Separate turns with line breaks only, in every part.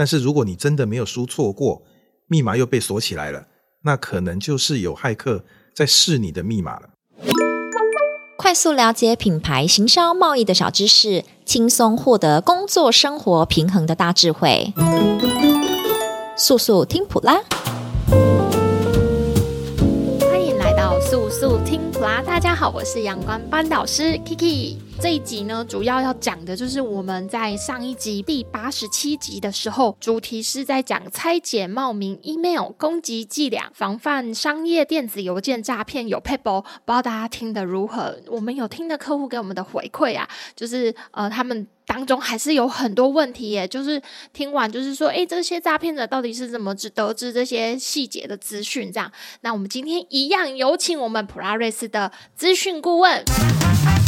但是，如果你真的沒有輸錯過，密碼又被鎖起來了，那可能就是有駭客在試你的密碼了。
快速了解品牌行銷貿易的小知識，輕鬆獲得工作生活平衡的大智慧。
速速聽普拉，
歡迎來到速速聽普拉。大家好，我是陽光班導師 Kiki。這一集呢，主要要講的就是我們在上一集第八十七集的時候，主題是在講拆解冒名 email 攻擊伎倆，防範商業電子郵件詐騙。有 Pebble，不知道大家聽得如何？我們有聽的客戶給我們的回饋啊，就是呃，他們當中還是有很多問題耶，就是聽完就是說，哎，這些詐騙者到底是怎麼知得知這些細節的資訊？這樣，那我們今天一樣有請我們普拉瑞斯的資訊顧問。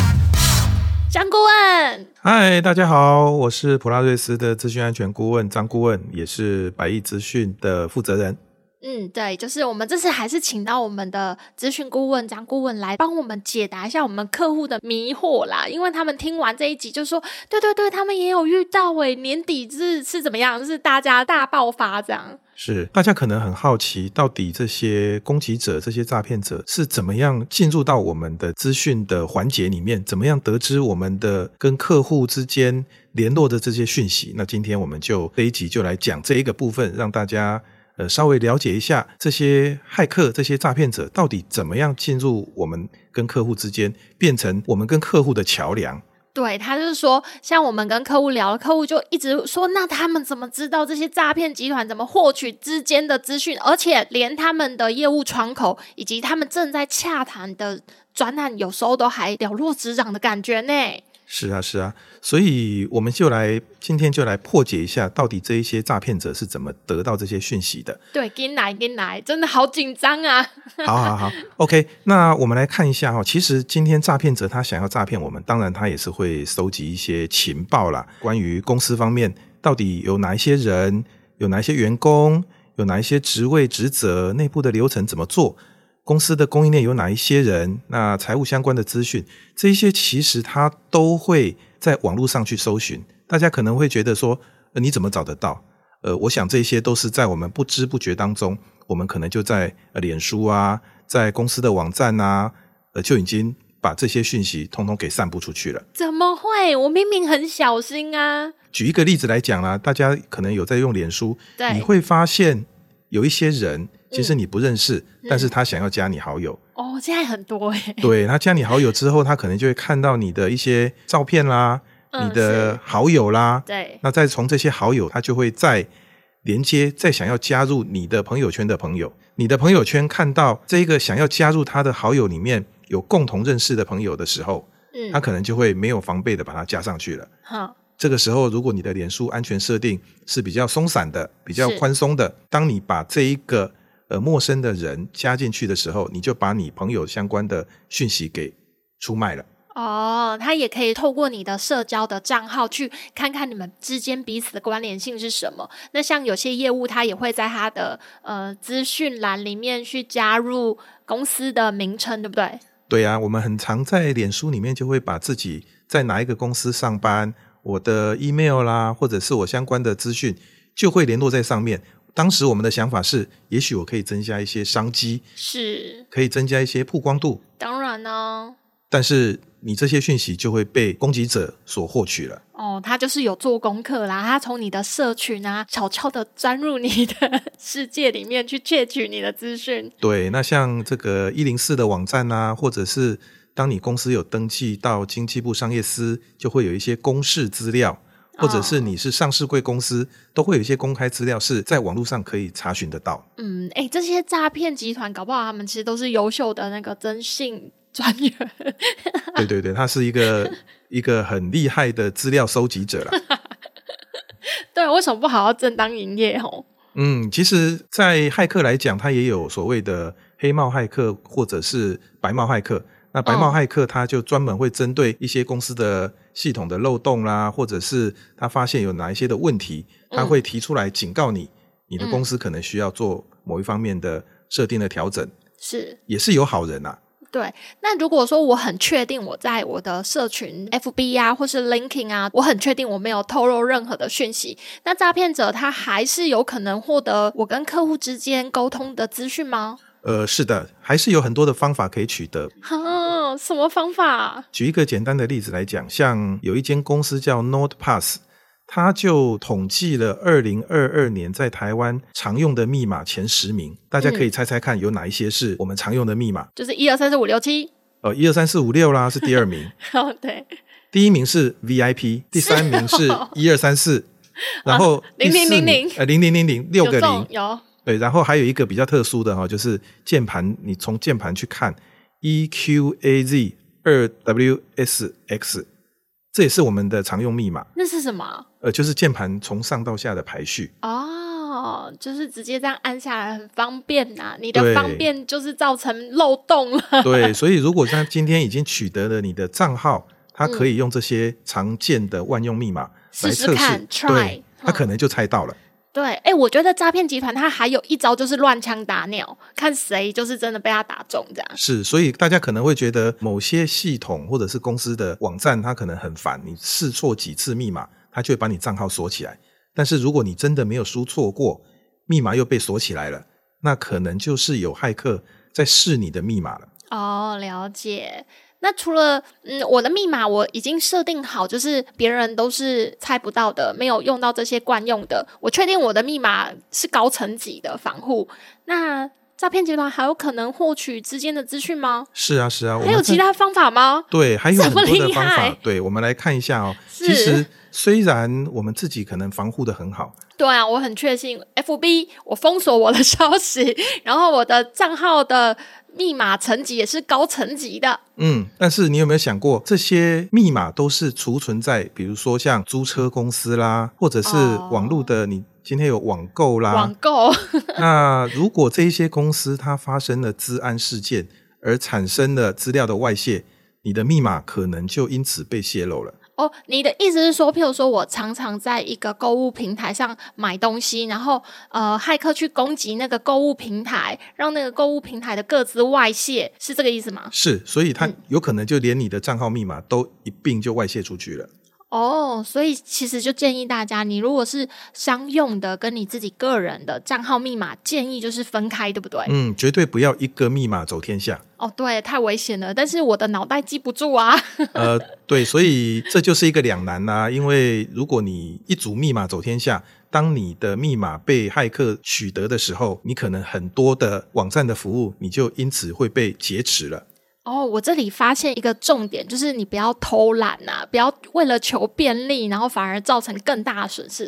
張顧問，嗨，大家好，我是普拉瑞斯的資訊安全顧問張顧問，也是百億資訊的負責人。
嗯，對，就是我們這次還是請到我們的資訊顧問張顧問來幫我們解答一下我們客戶的迷惑啦，因為他們聽完這一集就說：“對對對，他們也有遇到誒，年底是是怎麼樣，是大家大爆發這樣。”是，
是大家可能很好奇，到底這些攻擊者、這些詐騙者是怎麼樣進入到我們的資訊的環節裡面，怎麼樣得知我們的跟客戶之間聯絡的這些訊息？那今天我們就這一集就來講這一個部分，讓大家。呃，稍微了解一下這些駭客、這些詐騙者到底怎麼樣進入我們跟客戶之間，變成我們跟客戶的橋梁。
對，他就是說，像我們跟客戶聊，客戶就一直說，那他們怎麼知道這些詐騙集團怎麼獲取之間的資訊，而且連他們的業務窗口以及他們正在洽談的專案，有時候都還了如指掌的感覺呢？
是啊，是啊，所以我們就來今天就來破解一下，到底這一些詐騙者是怎麼得到這些訊息的？
對，跟來跟來，真的好緊張啊！ 好好
好，OK，那我們來看一下哦，其實今天詐騙者他想要詐騙我們，當然他也是會收集一些情報啦，關於公司方面到底有哪一些人，有哪一些員工，有哪一些職位職責，內部的流程怎麼做。公司的供應鏈有哪一些人？那財務相關的資訊，這些其實他都會在網絡上去搜尋。大家可能會覺得說，呃，你怎麼找得到？呃，我想這些都是在我們不知不覺當中，我們可能就在呃臉書啊，在公司的網站啊，呃，就已經把這些訊息通通給散布出去了。
怎麼會？我明明很小心啊！
舉一個例子來講啦、啊，大家可能有在用臉書，對你會發現有一些人。其實你不認識，嗯嗯、但是他想要加你好友。
哦，這樣很多誒、欸、對，
他加你好友之後，他可能就會看到你的一些照片啦，嗯、
你的好
友啦。對。那再從這些好友，他就會再連接，再想要加入你的朋友圈的朋友。你的朋友圈看到這一個想要加入他的好友裡面有共同認識的朋友的時候，嗯，他可能就會沒有防備的把他加上去了。好，這個時候如果你的臉書安全設定是比較鬆散的、比較寬鬆的，是當你把這一個呃，陌生的人加進去的時候，你就把你朋友相關的訊息給出賣
了。哦，他也可以透過你的社交的賬號去看看你們之間彼此的關聯性是什麼。那像有些業務，他也會在他的呃資訊欄裡面去加入公司的名稱，對不對？
對啊，我們很常在臉書裡面就會把自己在哪一個公司上班，我的 email 啦，或者是我相關的資訊就會聯絡在上面。當時我們的想法是，也許我可以增加一些商機，是可以增加一些曝光度，
當然呢、哦。
但是你這些訊息就會被攻擊者所獲取了。
哦，他就是有做功課啦，他從你的社群啊，悄悄地鑽入你的世界裡面去竊取你的資訊。
對，那像這個104的網站啊，或者是當你公司有登記到經濟部商業司，就會有一些公示資料。或者是你是上市櫃公司，oh. 都會有一些公開資料是在網絡上可以查詢得到。
嗯，誒、欸、這些詐騙集團搞不好他們其實都是優秀的那個徵信專
員。 對對對，他是一個 一個很厲害的資料收集者啦。
對，為什麼不好好正當營業哦？嗯，
其實，在駭客來講，他也有所謂的黑帽駭客或者是白帽駭客。那白帽駭客他就專門會針對一些公司的系統的漏洞啦、啊，或者是他發現有哪一些的問題，他會提出來警告你，嗯、你的公司可能需要做某一方面的設定的調整。是、嗯，也是有好人吶、啊。
對，那如果說我很確定我在我的社群 FB 啊，或是 Linking 啊，我很確定我沒有透露任何的訊息，那詐騙者他還是有可能獲得我跟客戶之間溝通的資訊嗎？
呃，是的，還是有很多的方法可以取得。
哈、哦，什麼方法？
舉一個簡單的例子來講，像有一間公司叫 NordPass，它就統計了二零二二年在台灣常用的密碼前十名，大家可以猜猜看有哪一些是我們常用的密碼。嗯、
就是一二三四五六七。
哦、呃，一二三四五六啦，是第二名。哦， 對。第一名是 VIP，第三名是一二三四，然後第四名零零零零零零零， 呃，零零零零六個零有，有。對，然後還有一個比較特殊的哈，就是鍵盤，你從鍵盤去看，E Q A Z 二 W S X，這也是我們的常用密碼。那是什麼？呃，就是鍵盤從上到下的排序。
哦，就是直接這樣按下來很方便吶、啊。你的方便就是造成漏洞了。對，
所以如果像今天已經取得了你的賬號，他可以用這些常見的萬用密碼來測試，試試看，try。對，他可能就猜到了。嗯
對，哎、欸，我覺得詐騙集團他還有一招，就是亂槍打鳥，看誰就是真的被他打中這樣。
是，所以大家可能會覺得某些系統或者是公司的網站，它可能很煩，你試錯幾次密碼，它就會把你賬號鎖起來。但是如果你真的沒有輸錯過，密碼又被鎖起來了，那可能就是有駭客在試你的密碼了。
哦，了解。那除了嗯，我的密碼我已經設定好，就是別人都是猜不到的，沒有用到這些慣用的。我確定我的密碼是高層級的防護。那詐騙集團還有可能獲取之間的資訊嗎？
是啊，是啊，我還有其他
方法嗎？
對，還有很多的方法。這麼厲害。對，我們來看一下哦。是其實雖然我們自己可能防護的很好，
對啊，我很確信。FB 我封鎖我的消息，然後我的賬號的。密碼層級也是高層級的，
嗯，但是你有沒有想過，這些密碼都是儲存在，比如說像租車公司啦，或者是網絡的，哦、你今天有網購啦，網購購。 那如果這一些公司它發生了資安事件而產生了資料的外泄，你的密碼可能就因此被泄露了。
Oh, 你的意思是說，譬如說我常常在一個購物平台上買東西，然後呃，駭客去攻擊那個購物平台，讓那個購物平台的個資外泄，是這個意思嗎？
是，所以他有可能就連你的賬號密碼都一併就外泄出去了。
哦，oh, 所以其實就建議大家，你如果是商用的，跟你自己個人的賬號密碼，建議就是分開，對不對？
嗯，絕對不要一個密碼走天下。
哦，oh, 對，太危險了。但是我的腦袋記不住啊。
呃，對，所以這就是一個兩難吶、啊。因為如果你一組密碼走天下，當你的密碼被駭客取得的時候，你可能很多的網站的服務，你就因此會被劫持了。
哦，我這裡發現一個重點，就是你不要偷懶吶、啊，不要為了求便利，然後反而造成更大的損失，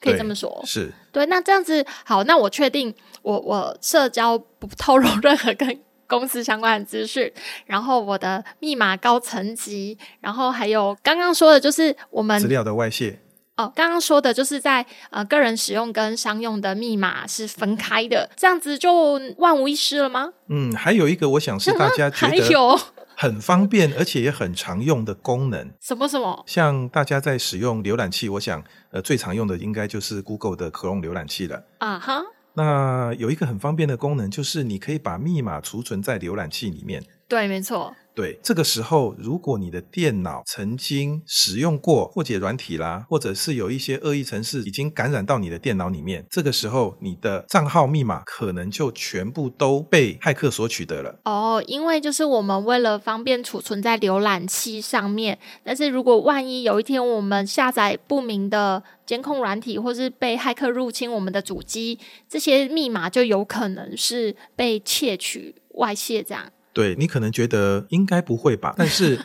對可以這麼說。是
對，那這樣子好，那我確定我，我我社交不透露任何跟公司相關的資訊，然後我的密碼高層級，然後還有剛剛說的就是我們資料的外泄。哦、剛剛說的就是在呃個人使用跟商用的密碼是分開的，這樣子就萬無一失了嗎？
嗯，還有一個我想是大家覺得很方便，而且也很常用的功能。
什麼什麼？
像大家在使用瀏覽器，我想呃最常用的應該就是 Google 的 c 用瀏覽器
了。啊哈、uh，huh?
那有一個很方便的功能，就是你可以把密碼儲存在瀏覽器裡面。
對，沒錯。
對，這個時候，如果你的電腦曾經使用過破解軟體啦，或者是有一些惡意程式已經感染到你的電腦裡面，這個時候，你的賬號密碼可能就全部都被駭客所取得
了。哦，因為就是我們為了方便儲存在瀏覽器上面，但是如果萬一有一天我們下載不明的監控軟體，或是被駭客入侵我們的主機，這些密碼就有可能是被竊取、外泄這樣。
對，你可能覺得應該不會吧，但是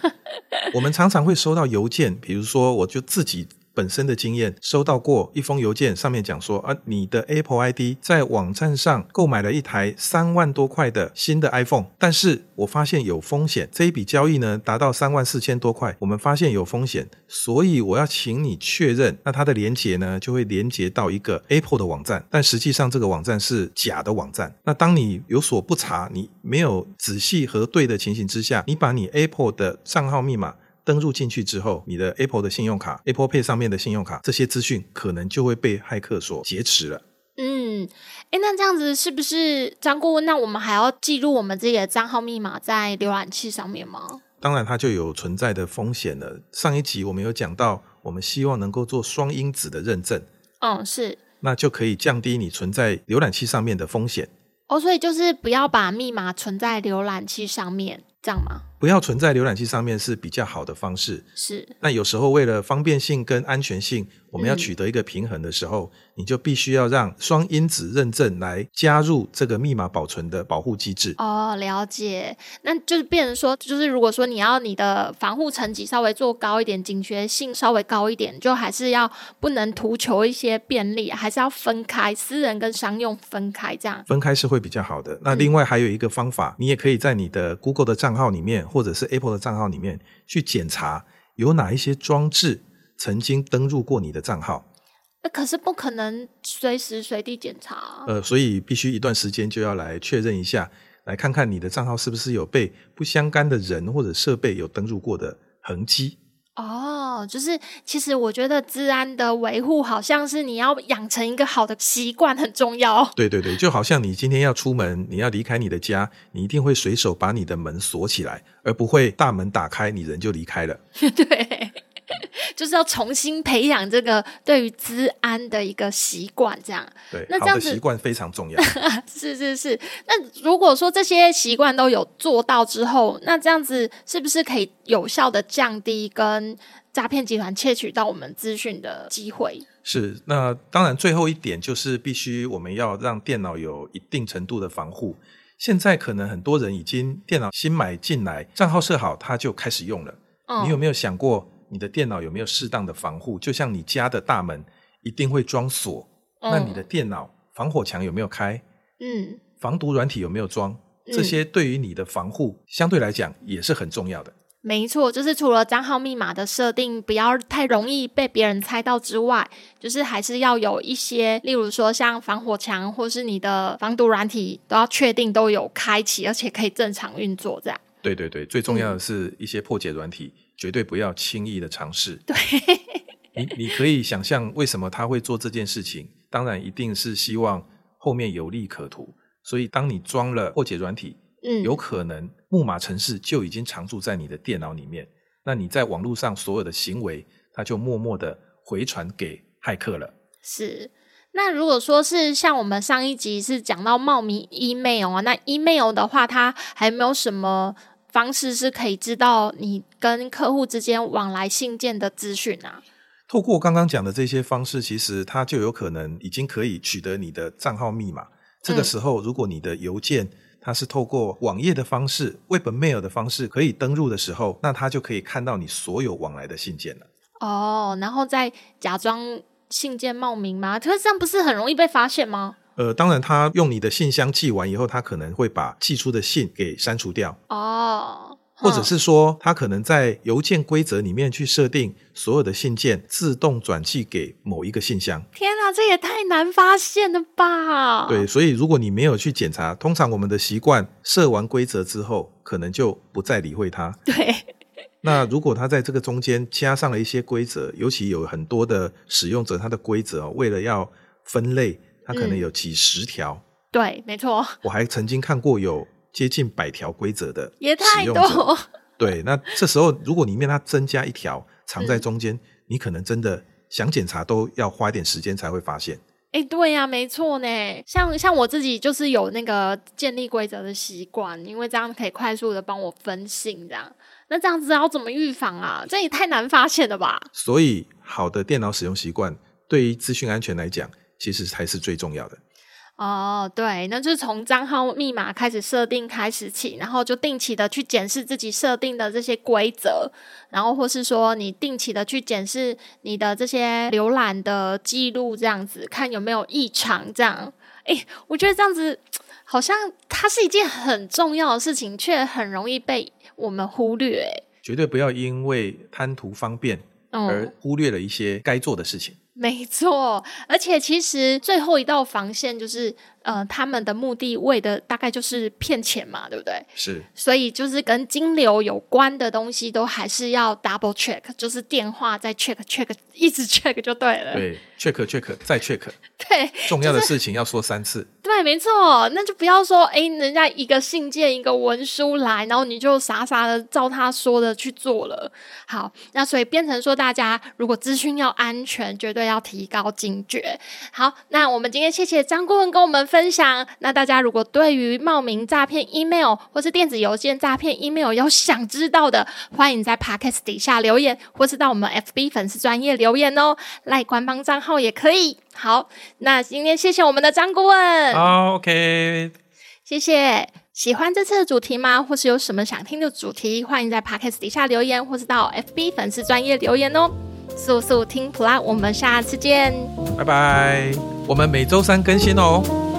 我們常常會收到郵件，比如說我就自己。本身的經驗，收到過一封郵件，上面講說啊，你的 Apple ID 在網站上購買了一台三萬多塊的新的 iPhone，但是我發現有風險，這一筆交易呢達到三萬四千多塊，我們發現有風險，所以我要請你確認。那它的連接呢就會連接到一個 Apple 的網站，但實際上這個網站是假的網站。那當你有所不查，你沒有仔細核對的情形之下，你把你 Apple 的賬號密碼。登入進去之後，你的 Apple 的信用卡、Apple Pay 上面的信用卡這些資訊，可能就會被駭客所劫持
了。嗯，哎、欸，那這樣子是不是張顧問？那我們還要記錄我們自己的賬號密碼在瀏覽器上面嗎？
當然，它就有存在的風險了。上一集我們有講到，我們希望能夠做雙因子的認證。嗯，是。那就可以降低你存在瀏覽器上面的風險。
哦，所以就是不要把密碼存在瀏覽器上面。這樣嗎？
不要存在瀏覽器上面是比較好的方式。是。那有時候為了方便性跟安全性，我們要取得一個平衡的時候，嗯、你就必須要讓雙因子認證來加入這個密碼保存的保護機制。
哦，了解。那就是變成說，就是如果說你要你的防護層級稍微做高一點，警覺性稍微高一點，就還是要不能圖求一些便利，還是要分開私人跟商用分開這樣。
分開是會比較好的。那另外還有一個方法，嗯、你也可以在你的 Google 的賬號裡面，或者是 Apple 的賬號裡面去檢查，有哪一些裝置曾經登入過你的賬號？
那可是不可能隨時隨地檢查。
呃，所以必須一段時間就要來確認一下，來看看你的賬號是不是有被不相干的人或者設備有登入過的痕跡。
就是，其實我覺得資安的維護，好像是你要養成一個好的習慣很重要。
對對對，就好像你今天要出門，你要離開你的家，你一定會隨手把你的門鎖起來，而不會大門打開，你人就離開了。 對。
就是要重新培養這個對於資安的一個習慣，這樣。對，那這樣子的習
慣非常重要。
是是是。那如果說這些習慣都有做到之後，那這樣子是不是可以有效的降低跟詐騙集團竊取到我們資訊的機會？
是。那當然，最後一點就是必須我們要讓電腦有一定程度的防護。現在可能很多人已經電腦新買進來，賬號設好，他就開始用了。嗯。你有沒有想過？你的電腦有沒有適當的防護？就像你家的大門一定會裝鎖，嗯、那你的電腦防火牆有沒有開？嗯，防毒軟體有沒有裝？嗯、這些對於你的防護相對來講也是很重要的。
沒錯，就是除了賬號密碼的設定不要太容易被別人猜到之外，就是還是要有一些，例如說像防火牆或是你的防毒軟體都要確定都有開啟，而且可以正常運作。這樣。
對對對，最重要的是一些破解軟體。嗯絕對不要輕易的嘗試。對， 你你可以想象為什麼他會做這件事情？當然一定是希望後面有利可圖。所以當你裝了破解軟體，嗯，有可能木馬程式就已經常駐在你的電腦裡面。那你在網絡上所有的行為，他就默默的回傳給駭客了。
是。那如果說是像我們上一集是講到冒名 email 啊，那 email 的話，他還沒有什麼。方式是可以知道你跟客戶之間往來信件的資訊啊。
透過剛剛講的這些方式，其實它就有可能已經可以取得你的賬號密碼。這個時候，如果你的郵件它是透過網頁的方式 （webmail）、嗯、的方式可以登入的時候，那它就可以看到你所有往來的信件
了。哦，然後再假裝信件冒名嗎？這樣不是很容易被發現嗎？
呃，當然，他用你的信箱寄完以後，他可能會把寄出的信給刪除掉
哦，oh, huh.
或者是說，他可能在郵件規則裡面去設定所有的信件自動轉寄給某一個信箱。
天哪，這也太難發現了吧？
對，所以如果你沒有去檢查，通常我們的習慣設完規則之後，可能就不再理會它。
對，
那如果他在這個中間加上了一些規則，尤其有很多的使用者，他的規則為了要分類。它可能有幾十條、嗯，
對，沒錯。
我還曾經看過有接近百條規則的，
也太多。
對，那這時候如果裡面它增加一條藏在中間，嗯、你可能真的想檢查都要花一點時間才會發現。
哎、欸，對呀、啊，沒錯呢。像像我自己就是有那個建立規則的習慣，因為這樣可以快速的幫我分信這樣。那這樣子要怎麼預防啊？這也太難發現了吧？
所以，好的電腦使用習慣對於資訊安全來講其實才是最重要的
哦。對，那就是從賬號密碼開始設定開始起，然後就定期的去檢視自己設定的這些規則，然後或是說你定期的去檢視你的這些瀏覽的記錄，這樣子看有沒有異常。這樣，哎、欸，我覺得這樣子好像它是一件很重要的事情，卻很容易被我們忽略、欸。
絕對不要因為貪圖方便而忽略了一些該做的事情。嗯
沒錯，而且其實最後一道防線就是，呃，他們的目的為的大概就是騙錢嘛，對不對？是，所以就是跟金流有關的東西都還是要 double check，就是電話再 check check，一直 check 就對了。對
，check check check 再 check。 對，
就是，重要的事
情要說三次。
哎，沒錯，那就不要說誒、欸，人家一個信件，一個文書來，然後你就傻傻的照他說的去做了。好，那所以變成說，大家如果資訊要安全，絕對要提高警覺。好，那我們今天謝謝張顧問跟我們分享。那大家如果對於冒名詐騙 email 或是電子郵件詐騙 email 有想知道的，歡迎在 podcast 底下留言，或是到我們 FB 粉絲專頁留言哦，LINE 官方賬號也可以。好，那今天謝謝我們的張顧問。好、oh，OK，謝謝。喜歡這次的主題嗎？或是有什麼想聽的主題？歡迎在 Podcast 底下留言，或是到 FB 粉絲專頁留言哦、喔。速速聽普拉，我們下次見，
拜拜。我們每週三更新哦、喔。嗯